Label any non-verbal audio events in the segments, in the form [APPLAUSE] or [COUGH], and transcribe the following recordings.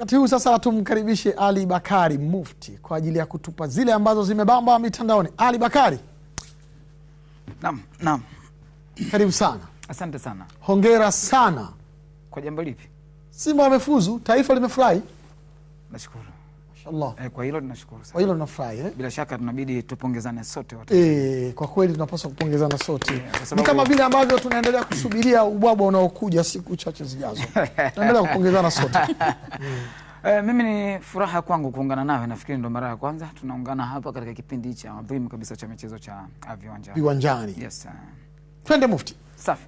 Wakati huu sasa tumkaribishe Ali Bakari Mufti kwa ajili ya kutupa zile ambazo zimebamba mitandaoni. Ali Bakari, nam nam karibu sana. Asante sana, hongera sana. Kwa jambo lipi? Simba wamefuzu, taifa limefurahi. Nashukuru. Inshallah. Eh, kwa hilo tunashukuru sana. Kwa hilo tunafurahi eh? Bila shaka tunabidi tupongezane sote wote. Eh, kwa kweli tunapaswa kupongezana sote. Yeah, ni kama vile ambavyo tunaendelea kusubiria ubwabwa unaokuja siku chache zijazo. Tunaendelea kupongezana sote. [LAUGHS] Eh, mimi ni furaha kwangu kuungana nawe, nafikiri ndo mara ya kwanza tunaungana hapa katika kipindi cha adhimu kabisa cha michezo cha Viwanjani. Viwanjani. Yes. Twende Mufti. Safi.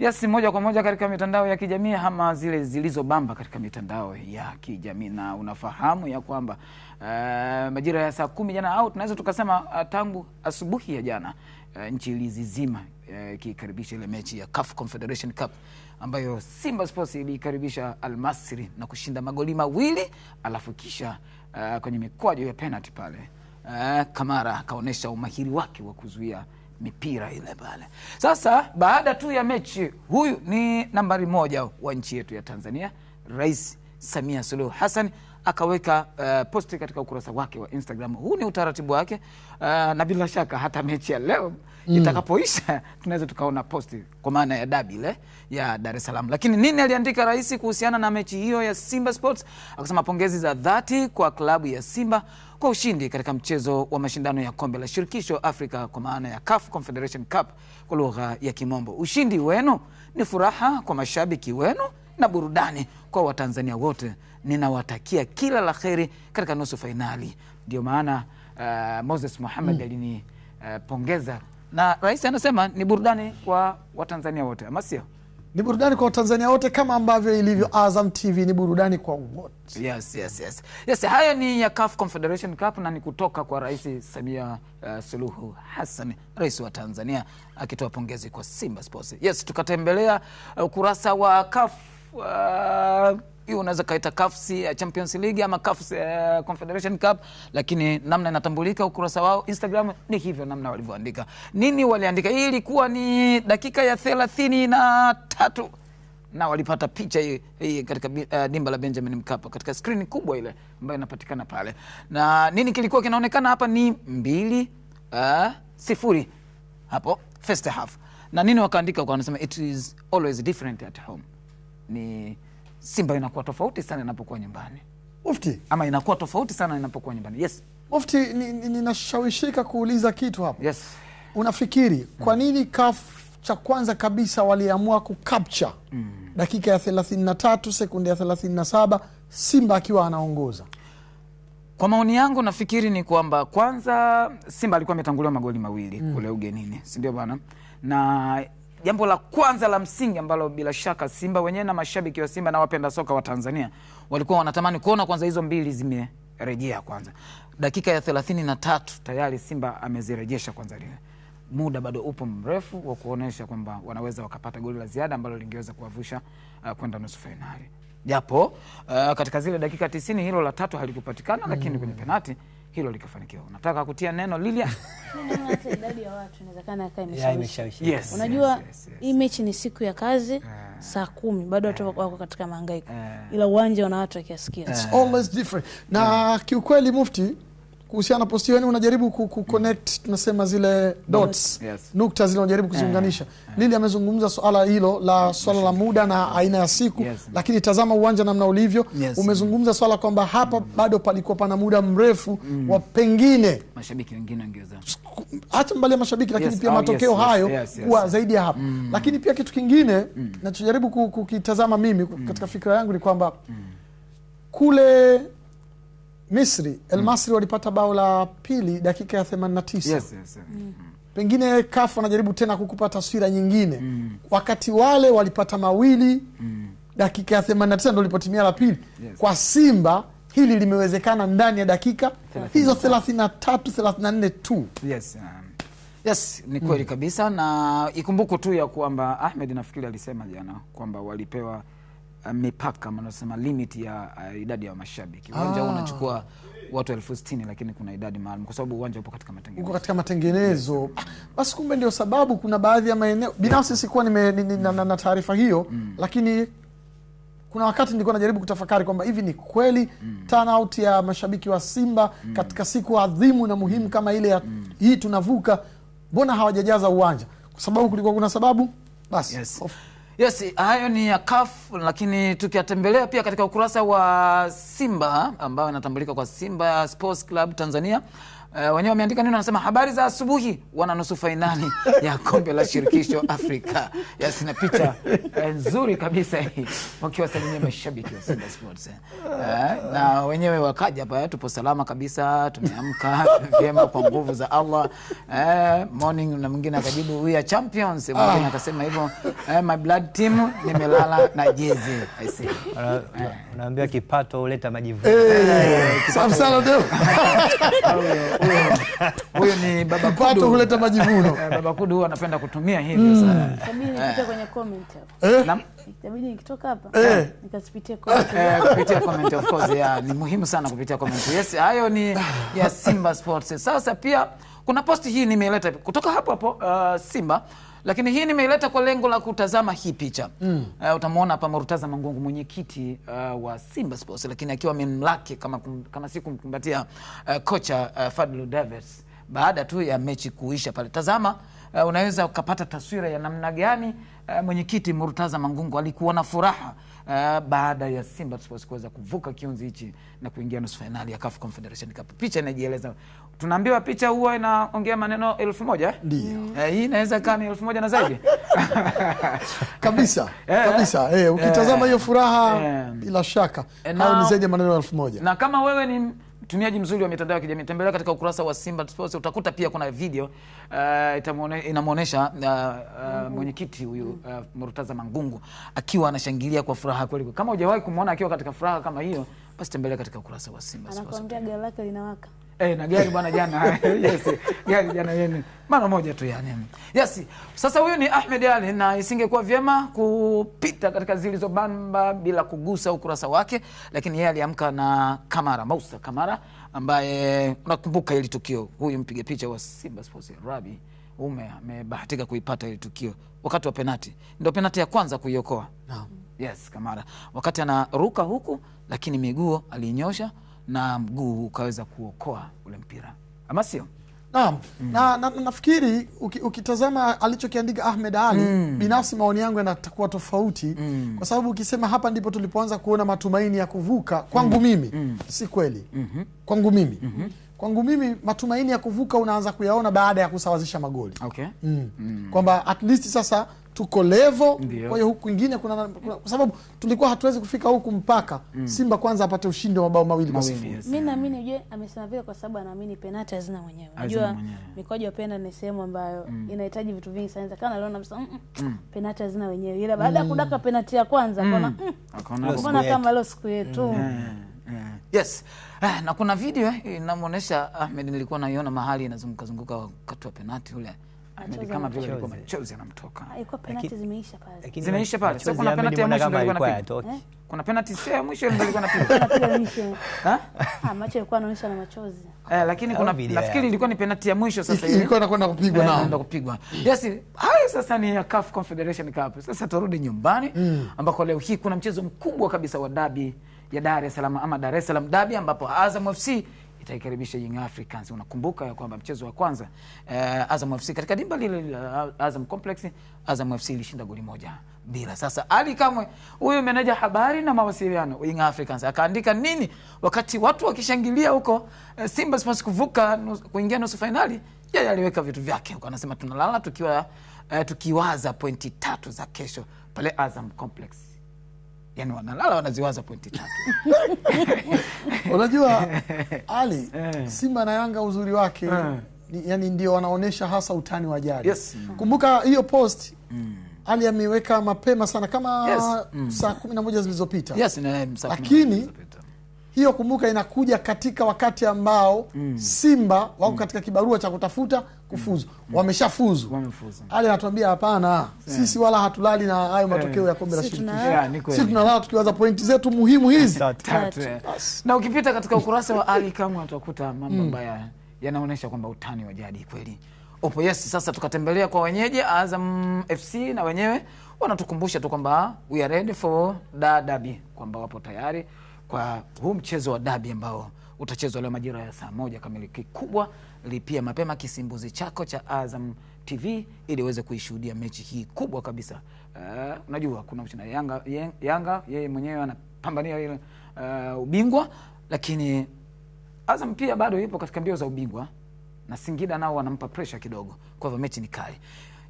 Yes, moja kwa moja katika mitandao ya kijamii ama zile zilizobamba katika mitandao ya kijamii na unafahamu ya kwamba uh, majira ya saa kumi jana au tunaweza tukasema uh, tangu asubuhi ya jana uh, nchi ilizizima ikikaribisha uh, ile mechi ya CAF Confederation Cup ambayo Simba Sports ilikaribisha Al na kushinda magoli mawili alafu kisha uh, kwenye mikwaju ya penalty pale uh, Kamara akaonyesha umahiri wake wa kuzuia mipira ile pale. Sasa baada tu ya mechi, huyu ni nambari moja wa nchi yetu ya Tanzania, Rais Samia Suluhu hasani akaweka uh, eh, posti katika ukurasa wake wa Instagram. Huu ni utaratibu wake uh, na bila shaka hata mechi ya leo mm. itakapoisha [LAUGHS] tunaweza tukaona posti kwa maana ya dabi ile ya Dar es Salaam. Lakini nini aliandika rais kuhusiana na mechi hiyo ya Simba Sports? Akasema pongezi za dhati kwa klabu ya Simba kwa ushindi katika mchezo wa mashindano ya kombe la shirikisho Afrika kwa maana ya CAF Confederation Cup kwa lugha ya Kimombo. Ushindi wenu ni furaha kwa mashabiki wenu na burudani kwa Watanzania wote. Ninawatakia kila la kheri katika nusu fainali. Ndio maana uh, Moses Muhamed mm. alinipongeza uh, na rais anasema ni burudani kwa Watanzania wote, ama sio? Ni burudani kwa Watanzania wote kama ambavyo ilivyo Azam TV ni burudani kwa wote. Yes, yes, yes. Yes, hayo ni ya CAF Confederation Cup na ni kutoka kwa Rais Samia uh, Suluhu Hassan, rais wa Tanzania akitoa pongezi kwa Simba Sports. Yes, tukatembelea eh, ukurasa uh, wa CAF Uh, hiyo unaweza kaita ya Champions League ama CAF ya Confederation Cup, lakini namna inatambulika ukurasa wao Instagram ni hivyo namna walivyoandika. Nini waliandika? Hii ilikuwa ni dakika ya thelathini na tatu na walipata picha hii, hii katika uh, dimba la Benjamin Mkapa katika skrini kubwa ile ambayo inapatikana pale, na nini kilikuwa kinaonekana hapa ni mbili uh, sifuri hapo first half, na nini wakaandika, wanasema it is always different at home ni Simba inakuwa tofauti sana inapokuwa nyumbani. Mufti. Ama inakuwa tofauti sana inapokuwa nyumbani. Yes. Mufti, ninashawishika ni, kuuliza kitu hapo. Yes. Unafikiri mm. kwa nini kaf cha kwanza kabisa waliamua kukapcha mm. dakika ya 33 sekunde ya 37 Simba akiwa anaongoza? Kwa maoni yangu nafikiri ni kwamba kwanza Simba alikuwa ametanguliwa magoli mawili mm. kule ugenini, si ndio bwana? Na jambo la kwanza la msingi ambalo bila shaka Simba wenyewe na mashabiki wa Simba na wapenda soka wa Tanzania walikuwa wanatamani kuona kwanza hizo mbili zimerejea. Kwanza dakika ya thelathini na tatu tayari Simba amezirejesha kwanza lile muda bado upo mrefu wa kuonesha kwamba wanaweza wakapata goli la ziada ambalo lingeweza kuwavusha uh, kwenda nusu fainali, japo uh, katika zile dakika tisini hilo la tatu halikupatikana, lakini mm. kwenye penati hilo likafanikiwa. Unataka kutia neno Lilia? [LAUGHS] idadi ya watu inawezekana ikawa imeshawishi. Yes, unajua yes, yes, yes. Hii mechi ni siku ya kazi ah. saa kumi bado watu ah. wako katika mahangaiko ah. ila uwanja una watu wakiasikia. It's always different na mm. kiukweli Mufti kuhusiana na posti hiyo, unajaribu kuconnect mm. tunasema zile dots, yes. nukta zile unajaribu eh. kuziunganisha. Eh. Lili amezungumza swala hilo la swala la muda na aina ya siku yes. Lakini tazama uwanja namna ulivyo yes. Umezungumza swala kwamba hapa mm. bado palikuwa pana muda mrefu mm. wa pengine mashabiki wengine wangeweza hata mbali ya mashabiki lakini yes, pia oh, matokeo yes, hayo yes, yes, yes, yes. zaidi ya hapa mm. Lakini pia kitu kingine mm. nachojaribu kukitazama mimi mm. katika mm. yangu ni kwamba mm. kule Misri Elmasri mm. walipata bao la pili dakika ya 89 yes, yes, yes. Mm. mm. Pengine kafu wanajaribu tena kukupa taswira nyingine mm. wakati wale walipata mawili mm. dakika ya 89 ndio lipotimia la pili yes. Kwa Simba hili limewezekana ndani ya dakika 30. hizo 33 34 tu yes, um, yes ni kweli mm. kabisa, na ikumbuko tu ya kwamba Ahmed nafikiri alisema jana kwamba walipewa mipaka manasema limit ya uh, idadi ya mashabiki uwanja huu ah. unachukua watu elfu sitini lakini kuna idadi maalum kwa sababu uwanja upo katika matengenezo, uko katika matengenezo. Yes. basi kumbe ndio sababu kuna baadhi ya maeneo binafsi sikuwa nime, mm. na, na, na taarifa hiyo mm. lakini kuna wakati nilikuwa najaribu kutafakari kwamba hivi ni kweli mm. turnout ya mashabiki wa Simba mm. katika siku adhimu na muhimu mm. kama ile ya mm. hii tunavuka, mbona hawajajaza uwanja? Kwa sababu kulikuwa kuna sababu basi. Yes. Yes, hayo ni ya CAF, lakini tukiyatembelea pia katika ukurasa wa Simba ambayo inatambulika kwa Simba Sports Club Tanzania Uh, wenyewe wameandika nini? Wanasema habari za asubuhi, wana nusu fainali [LAUGHS] ya kombe la shirikisho Afrika. Yes, na picha eh, nzuri kabisa hii wakiwasalimia mashabiki wa Simba Sports. Uh, na wenyewe wakaja hapa, tupo salama kabisa, tumeamka [LAUGHS] vyema kwa nguvu za Allah. Uh, morning, na mwingine akajibu we are champions, ah. mwingine akasema hivyo, uh, my blood team, nimelala na jezi. I see. Unaambia kipato huleta majivuno. Safi [LAUGHS] sana huyu ni baba kudu. Pato huleta majivuno. Eh, baba kudu huwa anapenda kutumia hivyo hmm. sana. Eh. Itabidi kwenye comment hapo. Eh? Itabidi nikitoka hapa nikazipitia comment. Kupitia comment of course, ya ni muhimu sana kupitia comment. Yes, hayo ni ya Simba Sports. Sasa pia kuna posti hii nimeleta kutoka hapo hapo uh, Simba lakini hii nimeileta kwa lengo la kutazama hii picha mm. Uh, utamwona hapa Murtaza Mangungu, mwenyekiti uh, wa Simba Sports, lakini akiwa amemlaki kama, kama si kumkumbatia uh, kocha uh, Fadlu davis baada tu ya mechi kuisha pale. Tazama uh, unaweza ukapata taswira ya namna gani uh, mwenyekiti Murtaza Mangungu alikuwa na furaha uh, baada ya Simba Sports kuweza kuvuka kiunzi hichi na kuingia nusu fainali ya CAF Confederation Cup. Picha inajieleza, tunaambiwa picha huwa inaongea maneno elfu moja ndio eh, hii inaweza kaa ni elfu moja na zaidi [LAUGHS] kabisa eh, eh. kabisa. Eh, ukitazama hiyo furaha bila shaka, hayo ni zaidi ya maneno elfu moja na kama wewe ni mtumiaji mzuri wa mitandao ya kijamii tembelea katika ukurasa wa Simba Sports, utakuta pia kuna video uh, inamwonyesha uh, uh, mwenyekiti huyu uh, Murtaza Mangungu akiwa anashangilia kwa furaha kweli. Kama hujawahi kumwona akiwa katika furaha kama hiyo, basi tembelea katika ukurasa wa Simba Sports, anakuambia gari lake linawaka. Eh, na gari bwana jana. [LAUGHS] Yes. Gari jana yenu. Mara moja tu yani. Yes. Sasa huyu ni Ahmed Ali na isingekuwa vyema kupita katika zilizobamba bila kugusa ukurasa wake, lakini yeye aliamka na Kamara, Mausa Kamara ambaye unakumbuka ile tukio. Huyu mpiga picha wa Simba Sports Rabi Ume amebahatika kuipata ile tukio wakati wa penati. Ndio penati ya kwanza kuiokoa. Naam. Yes, Kamara. Wakati anaruka huku lakini miguu alinyosha na mguu ukaweza kuokoa ule mpira, ama sio? Naam, mm. na, na, nafikiri ukitazama alichokiandika Ahmed Ali mm. binafsi maoni yangu yanatakuwa tofauti mm. kwa sababu ukisema hapa ndipo tulipoanza kuona matumaini ya kuvuka kwangu mm. mimi mm. si kweli mm -hmm. kwangu mimi mm -hmm. kwangu mimi matumaini ya kuvuka unaanza kuyaona baada ya kusawazisha magoli okay. mm. mm. kwamba at least sasa tuko levo. Kwa hiyo huku kwingine kuna, kuna, kwa sababu tulikuwa hatuwezi kufika huku mpaka mm. Simba kwanza apate ushindi wa mabao mawili kwa sifuri. yes. Mimi naamini je, amesema vile kwa sababu anaamini penati hazina mwenyewe. Unajua mikwaju ya pena ni sehemu ambayo mm. inahitaji vitu vingi sana. Kana leo namsema mm. mm, mm. penati hazina wenyewe, ila baada ya mm. kudaka penati ya kwanza mm. mm. akaona kama leo siku yetu mm. Eh, eh. Yes. Ah, na kuna video inamwonyesha Ahmed, nilikuwa naiona mahali inazunguka zunguka wakati wa penati ule kama vile alikuwa machozi anamtoka. Ah, ilikuwa zimeisha pale. Zimeisha Sasa eh? kuna penalty ya mwisho ndio ilikuwa inapiga. [LAUGHS] Kuna penalty ya mwisho ndio ilikuwa inapiga. Ah, macho yalikuwa yanaonyesha na machozi. Eh, lakini kuna nafikiri ilikuwa ni penalty ya mwisho sasa [LAUGHS] hivi Ilikuwa inakwenda kupigwa eh, na Inakwenda kupigwa. Yes, hayo sasa ni ya CAF Confederation Cup. Sasa turudi nyumbani mm. ambako leo hii kuna mchezo mkubwa kabisa wa dabi ya Dar es Salaam ama Dar es Salaam dabi ambapo Azam FC itaikaribisha Young Africans. Unakumbuka ya kwamba mchezo wa kwanza uh, Azam FC katika dimba lile la eh, Azam Complex, Azam FC ilishinda goli moja bila. Sasa Ali Kamwe huyu meneja habari na mawasiliano Young Africans akaandika nini wakati watu wakishangilia huko eh, Simba Sports kuvuka kuingia nusu fainali? Yeye aliweka vitu vyake huko, anasema tunalala tukiwa uh, tukiwaza pointi tatu za kesho pale Azam Complex yani wanalala wanaziwaza pointi tatu. [LAUGHS] Unajua Ali, eh. Simba na Yanga uzuri wake eh. yani ndio wanaonyesha hasa utani wa jadi. Yes. Mm. Kumbuka hiyo post mm. Ali ameweka mapema sana kama yes. mm. saa kumi na moja zilizopita yes, lakini hiyo kumbuka, inakuja katika wakati ambao mm. Simba wako mm. katika kibarua cha kutafuta kufuzu mm. mm. wameshafuzu, Ali anatuambia hapana, eh. sisi wala hatulali na hayo eh. matokeo ya kombe la shirikishosi tunalala tukiwaza pointi zetu muhimu hizi Na ukipita katika ukurasa wa Ali kama atakuta mambo ambayo mm. yanaonyesha kwamba utani wa jadi kweli opo Yes, sasa tukatembelea kwa wenyeji Azam FC na wenyewe wanatukumbusha tu kwamba we are ready for kwamba wapo tayari kwa huu mchezo wa dabi ambao utachezwa leo majira ya saa moja kamili. Kikubwa lipia mapema kisimbuzi chako cha Azam TV ili uweze kuishuhudia mechi hii kubwa kabisa. Uh, unajua kuna mchana Yanga, Yanga yeye mwenyewe anapambania ile uh, ubingwa, lakini Azam pia bado ipo katika mbio za ubingwa na Singida nao wanampa pressure kidogo, kwa hivyo mechi ni kali.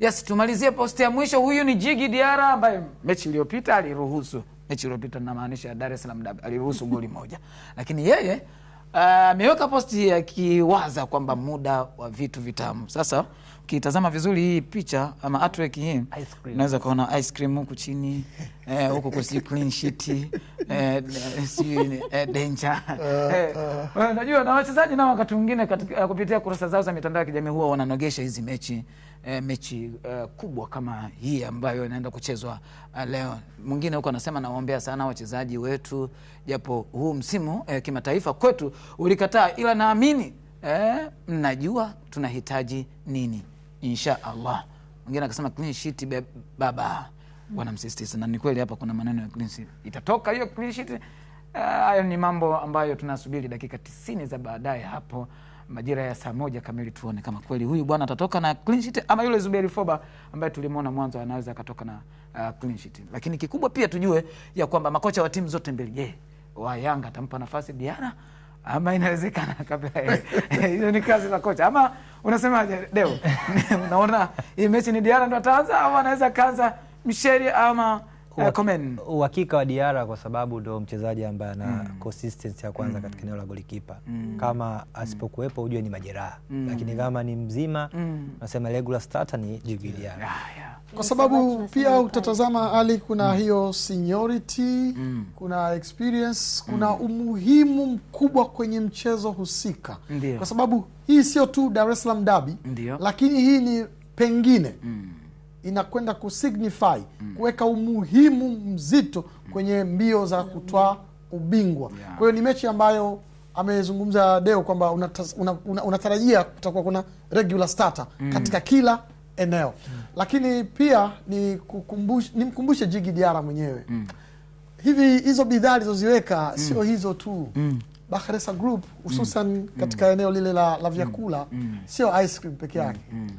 Yes, tumalizie posti ya mwisho. Huyu ni Jigi Diara ambaye mechi iliyopita aliruhusu mechi iliyopita namaanisha Dar es Salaam aliruhusu goli moja, lakini yeye uh, ameweka uh, posti akiwaza kwamba muda wa vitu vitamu. Sasa ukitazama vizuri hii picha ama artwork hii unaweza kuona ice cream huku chini eh, huku kusi clean sheet [LAUGHS] Eh, eh, sijui eh, [LAUGHS] Unajua, na wachezaji nao wakati mwingine kupitia kurasa zao za mitandao ya kijamii huwa wananogesha hizi mechi E, mechi e, kubwa kama hii ambayo inaenda kuchezwa leo. Mwingine huko anasema nawaombea sana wachezaji wetu, japo huu msimu e, kimataifa kwetu ulikataa, ila naamini e, mnajua tunahitaji nini, insha Allah. Mwingine akasema clean sheet baba wanamsisitiza na ni kweli hapa kuna maneno ya clean sheet. Itatoka hiyo clean sheet. Eh, hayo uh, ni mambo ambayo tunasubiri dakika tisini za baadaye hapo majira ya saa moja kamili tuone kama kweli huyu bwana atatoka na clean sheet ama yule Zuberi Foba ambaye tulimwona mwanzo anaweza akatoka na uh, clean sheet. Lakini kikubwa pia tujue ya kwamba makocha wa timu zote mbili, je, wa Yanga atampa nafasi diana ama inawezekana [LAUGHS] kabla [LAUGHS] hiyo ni kazi za kocha ama unasemaje Deo? [LAUGHS] Unaona hii mechi ni diana ndo ataanza ama anaweza kaanza Msheri ama uh, eh, Komen. Uhakika wa Diara kwa sababu ndo mchezaji ambaye ana mm. consistency ya kwanza mm. katika eneo la golikipa mm. kama mm. asipokuwepo ujue ni majeraha mm. lakini kama ni mzima mm. nasema regular starter ni Djibril Diara yeah, yeah. Kwa sababu pia utatazama Ali, kuna mm. hiyo seniority mm. kuna experience, kuna mm. umuhimu mkubwa kwenye mchezo husika Ndiyo. kwa sababu hii sio tu Dar es Salaam Derby, lakini hii ni pengine mm inakwenda kusignify mm. kuweka umuhimu mzito kwenye mbio za kutwaa ubingwa yeah. Kwa hiyo ni mechi ambayo amezungumza Deo kwamba unatarajia una, una kutakuwa kuna regular starter mm. katika kila eneo mm. Lakini pia ni kukumbushe, nimkumbushe Jigi Diara mwenyewe mm. hivi hizo bidhaa alizoziweka mm. sio hizo tu mm. bahresa Group hususan mm. katika mm. eneo lile la, la mm. vyakula mm. sio ice cream peke mm. yake mm. mm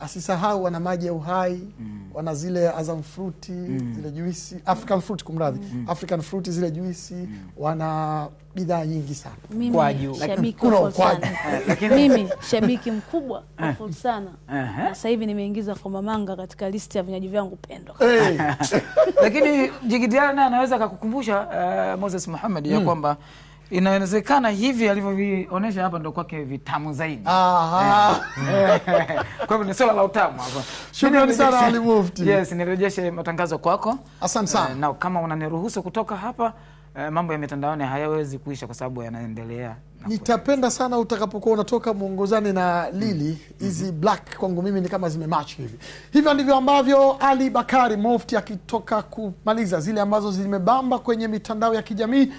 asisahau wana maji ya uhai mm. wana zile Azam fruti mm. zile juisi African fruit kumradhi mm. African fruit zile juisi mm. wana bidhaa nyingi sana. Mimi eh, shabiki mkubwa wa eh. Fulsana na sasa hivi nimeingiza mamanga katika listi ya vinywaji vyangu pendwa. [LAUGHS] Lakini Jigitiana anaweza akakukumbusha uh, Moses Muhammad ya mm. kwamba Inawezekana hivi alivyovionyesha hapa ndo kwake vitamu zaidi. Aha. Eh. [LAUGHS] Kwa hivyo ni swala la utamu hapa. Shukrani sana Ali Mufti. Yes, nirejeshe matangazo kwako. Asante sana. Eh, na kama unaniruhusu kutoka hapa eh, mambo ya mitandaoni hayawezi kuisha kwa sababu yanaendelea. Nitapenda sana utakapokuwa unatoka muongozane na Lili hizi mm -hmm. Black kwangu mimi ni kama zimematch hivi. Hivyo ndivyo ambavyo Ali Bakari Mufti akitoka kumaliza zile ambazo zimebamba kwenye mitandao ya kijamii